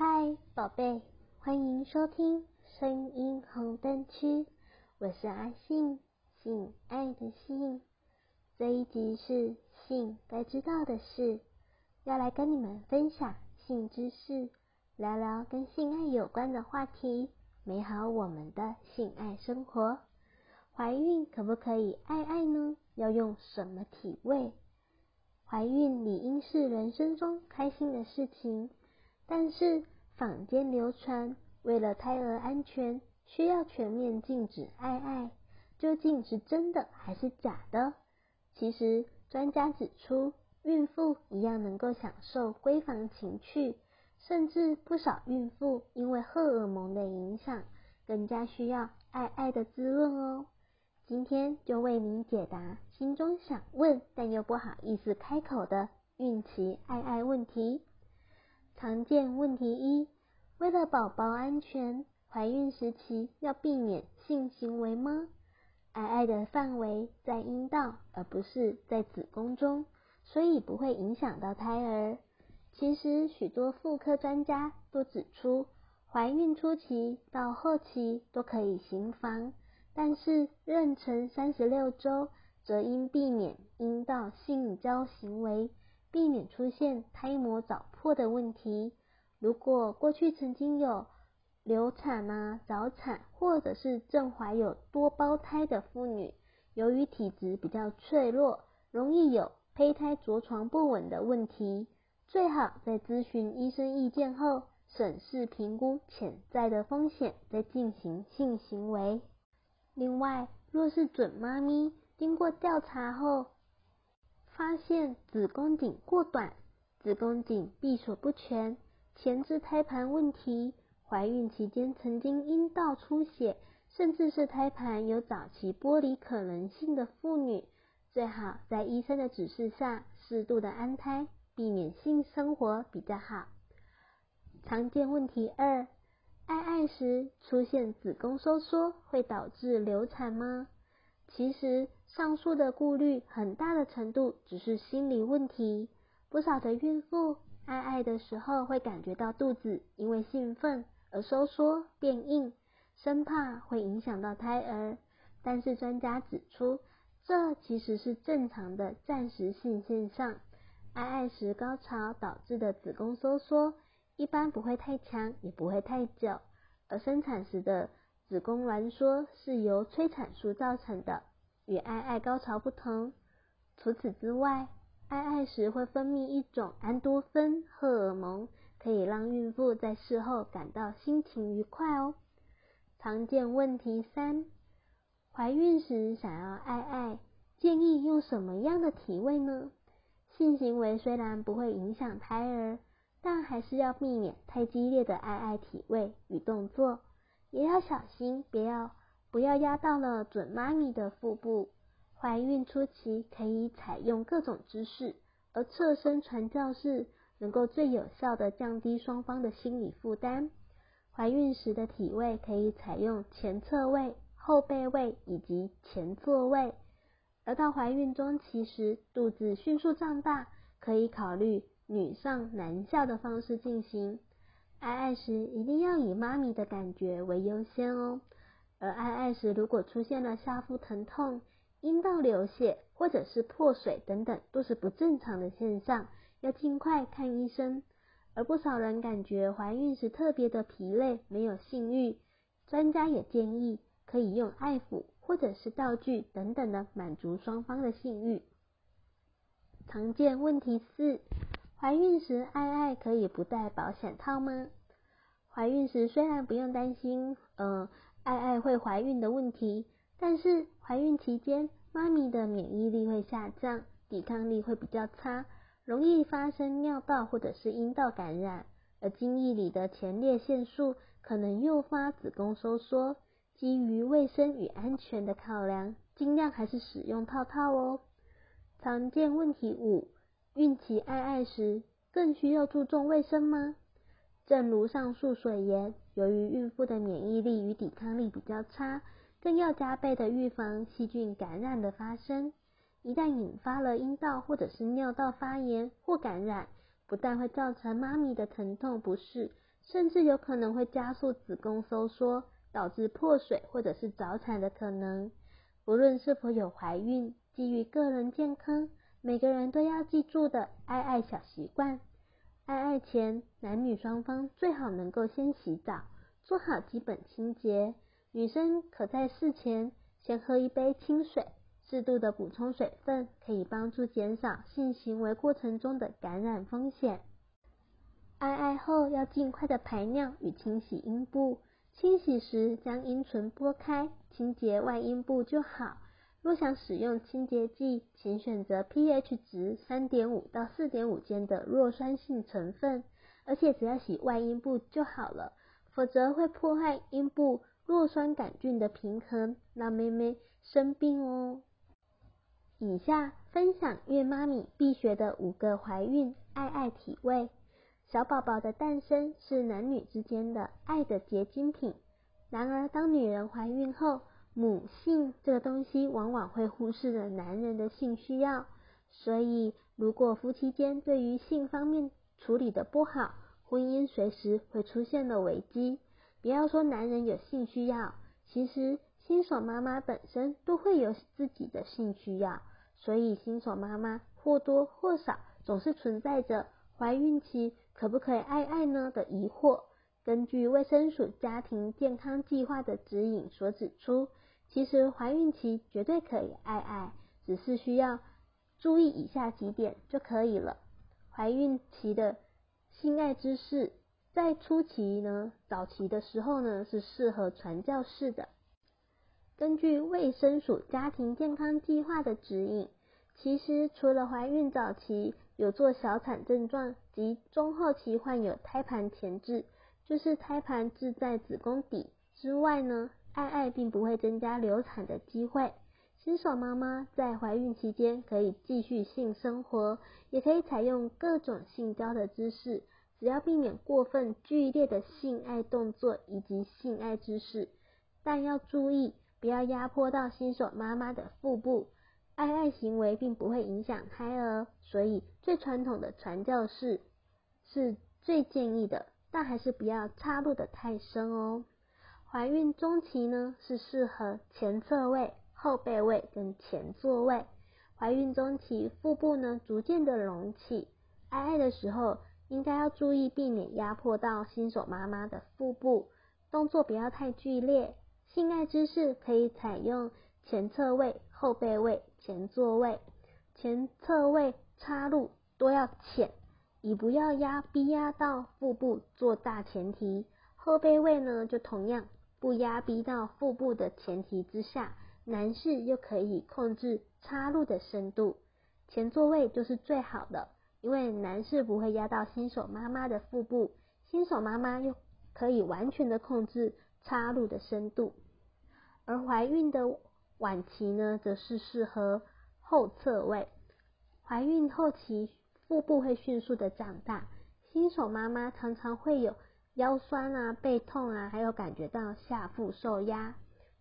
嗨，寶貝，歡迎收聽《聲音紅燈區》，我是阿信，性愛的性。這一集是性該知道的事，要來跟你們分享性知識，聊聊跟性愛有關的話題，美好我們的性愛生活。懷孕可不可以愛愛呢？要用什麼體位？懷孕理應是人生中開心的事情。但是坊間流傳，為了胎兒安全，需要全面禁止愛愛，究竟是真的還是假的？其實，專家指出，孕婦一樣能夠享受閨房情趣，甚至不少孕婦因為荷爾蒙的影響，更加需要愛愛的滋潤哦。今天就為您解答心中想問但又不好意思開口的孕期愛愛問題。常見問題一：為了寶寶安全，懷孕時期要避免性行為嗎？愛愛的範圍在陰道，而不是在子宮中，所以不會影響到胎兒。其實許多婦科專家都指出，懷孕初期到後期都可以行房，但是妊娠三十六周則應避免陰道性交行為。避免出現胎膜早破的問題。如果過去曾經有流產啊、早產，或者是正懷有多胞胎的婦女，由於體質比較脆弱，容易有胚胎着床不穩的問題，最好在諮詢醫生意見後，審視評估潛在的風險，再進行性行為。另外，若是準媽咪經過調查後，發現子宮頸過短、子宮頸閉鎖不全、前置胎盤問題、懷孕期間曾經陰道出血，甚至是胎盤有早期剝離可能性的婦女，最好在醫生的指示下適度的安胎，避免性生活比較好。常見問題二：愛愛時出現子宮收縮會導致流產嗎？其實，上述的顧慮很大的程度只是心理問題。不少的孕婦愛愛的時候會感覺到肚子因為興奮而收縮變硬，生怕會影響到胎兒。但是專家指出，這其實是正常的暫時性現象。愛愛時高潮導致的子宮收縮一般不會太強，也不會太久。而生產時的子宮攣縮是由催產素造成的，與愛愛高潮不同。除此之外，愛愛時會分泌一種安多芬荷爾蒙，可以讓孕婦在事後感到心情愉快哦。常見問題三：懷孕時想要愛愛，建議用什麼樣的體位呢？性行為雖然不會影響胎兒，但還是要避免太激烈的愛愛體位與動作。也要小心，不要不要壓到了準媽咪的腹部。懷孕初期可以採用各種姿勢，而側身傳教士能夠最有效的降低雙方的心理負擔。懷孕時的體位可以採用前側位、後背位以及前座位。而到懷孕中期時，肚子迅速脹大，可以考慮女上男下的方式進行。愛愛時一定要以媽咪的感覺為優先哦。而愛愛時如果出現了下腹疼痛、陰道流血或者是破水等等，都是不正常的現象，要盡快看醫生。而不少人感覺懷孕時特別的疲累，沒有性慾，專家也建議可以用愛撫或者是道具等等的滿足雙方的性慾。常見問題四。懷孕時愛愛可以不戴保險套嗎？懷孕時雖然不用擔心，嗯、呃，愛愛會懷孕的問題，但是懷孕期間媽咪的免疫力會下降，抵抗力會比較差，容易發生尿道或者是陰道感染。而精液裡的前列腺素可能誘發子宮收縮。基於衛生與安全的考量，盡量還是使用套套哦。常見問題五。孕期愛愛時更需要注重衛生嗎？正如上述所言，由於孕婦的免疫力與抵抗力比較差，更要加倍的預防細菌感染的發生。一旦引發了陰道或者是尿道發炎或感染，不但會造成媽咪的疼痛不適，甚至有可能會加速子宮收縮，導致破水或者是早產的可能。不論是否有懷孕，基於個人健康。每個人都要記住的愛愛小習慣：愛愛前，男女雙方最好能夠先洗澡，做好基本清潔；女生可在事前先喝一杯清水，適度的補充水分，可以幫助減少性行為過程中的感染風險。愛愛後要盡快的排尿與清洗陰部，清洗時將陰唇撥開，清潔外陰部就好。若想使用清潔劑，請選擇 pH 值三點五到四點五間的弱酸性成分，而且只要洗外陰部就好了，否則會破壞陰部弱酸桿菌的平衡，讓妹妹生病哦。以下分享孕媽咪必學的五個懷孕愛愛體位。小寶寶的誕生是男女之間的愛的結晶品，然而當女人懷孕後，母性這個東西往往會忽視了男人的性需要，所以如果夫妻間對於性方面處理的不好，婚姻隨時會出現了危機。不要說男人有性需要，其實新手媽媽本身都會有自己的性需要，所以新手媽媽或多或少總是存在着懷孕期可不可以愛愛呢的疑惑。根據衛生署家庭健康計劃的指引所指出，其實懷孕期絕對可以愛愛，只是需要注意以下幾點就可以了。懷孕期的性愛姿勢，在初期呢、早期的時候呢，是適合傳教士的。根據衛生署家庭健康計劃的指引，其實除了懷孕早期有做小產症狀及中後期患有胎盤前置（就是胎盤置在子宮底之外）呢。愛愛並不會增加流產的機會，新手媽媽在懷孕期間可以繼續性生活，也可以採用各種性交的姿勢，只要避免過分劇烈的性愛動作以及性愛姿勢，但要注意不要壓迫到新手媽媽的腹部。愛愛行為並不會影響胎兒，所以最傳統的傳教士是最建議的，但還是不要插入得太深哦。懷孕中期呢，是適合前側位、後背位跟前座位。懷孕中期腹部呢，逐漸的隆起，愛愛的時候應該要注意避免壓迫到新手媽媽的腹部，動作不要太劇烈。性愛姿勢可以採用前側位、後背位、前座位。前側位插入都要淺，以不要壓逼壓到腹部做大前提。後背位呢就同樣。不壓逼到腹部的前提之下，男士，又可以控制插入的深度。前座位就是最好的，因為男士不會壓到新手媽媽的腹部，新手媽媽又可以完全的控制插入的深度。而懷孕的晚期呢，則是適合後側位。懷孕後期腹部會迅速的長大，新手媽媽常常會有，腰酸啊、背痛啊，還有感覺到下腹受壓，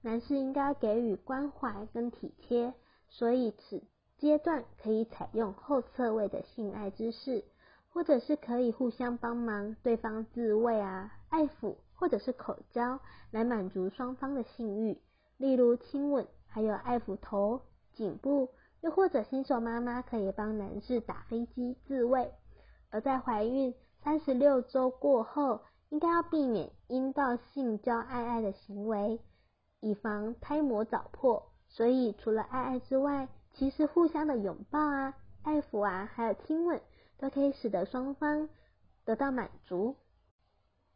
男士應該給予關懷跟體貼，所以此階段可以採用後側位的性愛姿勢，或者是可以互相幫忙對方自慰啊、愛撫，或者是口交來滿足雙方的性欲，例如親吻，還有愛撫頭、頸部，又或者新手媽媽可以幫男士打飛機自慰，而在懷孕三十六週過後。應該要避免陰道性交愛愛的行為，以防胎膜早破。所以，除了愛愛之外，其實互相的擁抱啊、愛撫啊，還有親吻，都可以使得雙方得到滿足。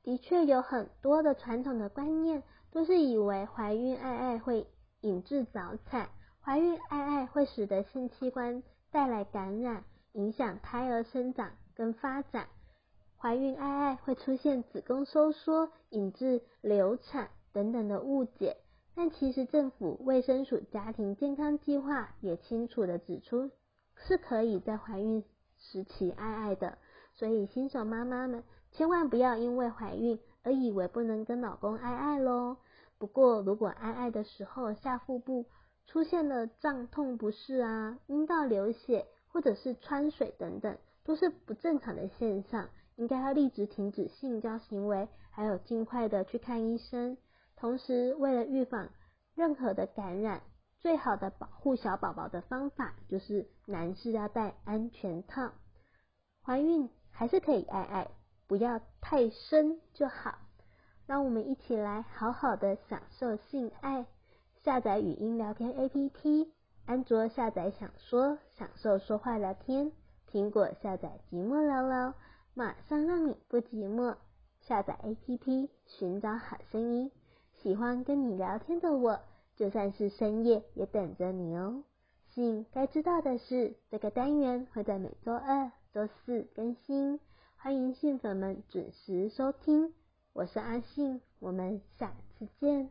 的確，有很多的傳統的觀念都是以為懷孕愛愛會引致早產，懷孕愛愛會使得性器官帶來感染，影響胎兒生長跟發展。懷孕愛愛會出現子宮收縮，引致流產等等的誤解，但其實政府衛生署家庭健康計劃也清楚地指出，是可以在懷孕時期愛愛的。所以新手媽媽們千萬不要因為懷孕而以為不能跟老公愛愛嘍。不過如果愛愛的時候下腹部出現了脹痛不適啊，陰道流血或者是穿水等等，都是不正常的現象。應該要立即停止性交行為，還有儘快的去看醫生。同時，為了預防任何的感染，最好的保護小寶寶的方法就是男士要戴安全套。懷孕還是可以愛愛，不要太深就好。讓我們一起來好好的享受性愛。下載語音聊天 APP，安卓下載“享說享受說話聊天”，蘋果下載“寂寞聊聊”。馬上讓你不寂寞，下載 APP 尋找好聲音。喜歡跟你聊天的我，就算是深夜也等着你哦。性該知道的事，這個單元會在每周二、周四更新，歡迎性粉們準時收聽。我是阿信，我們下次見。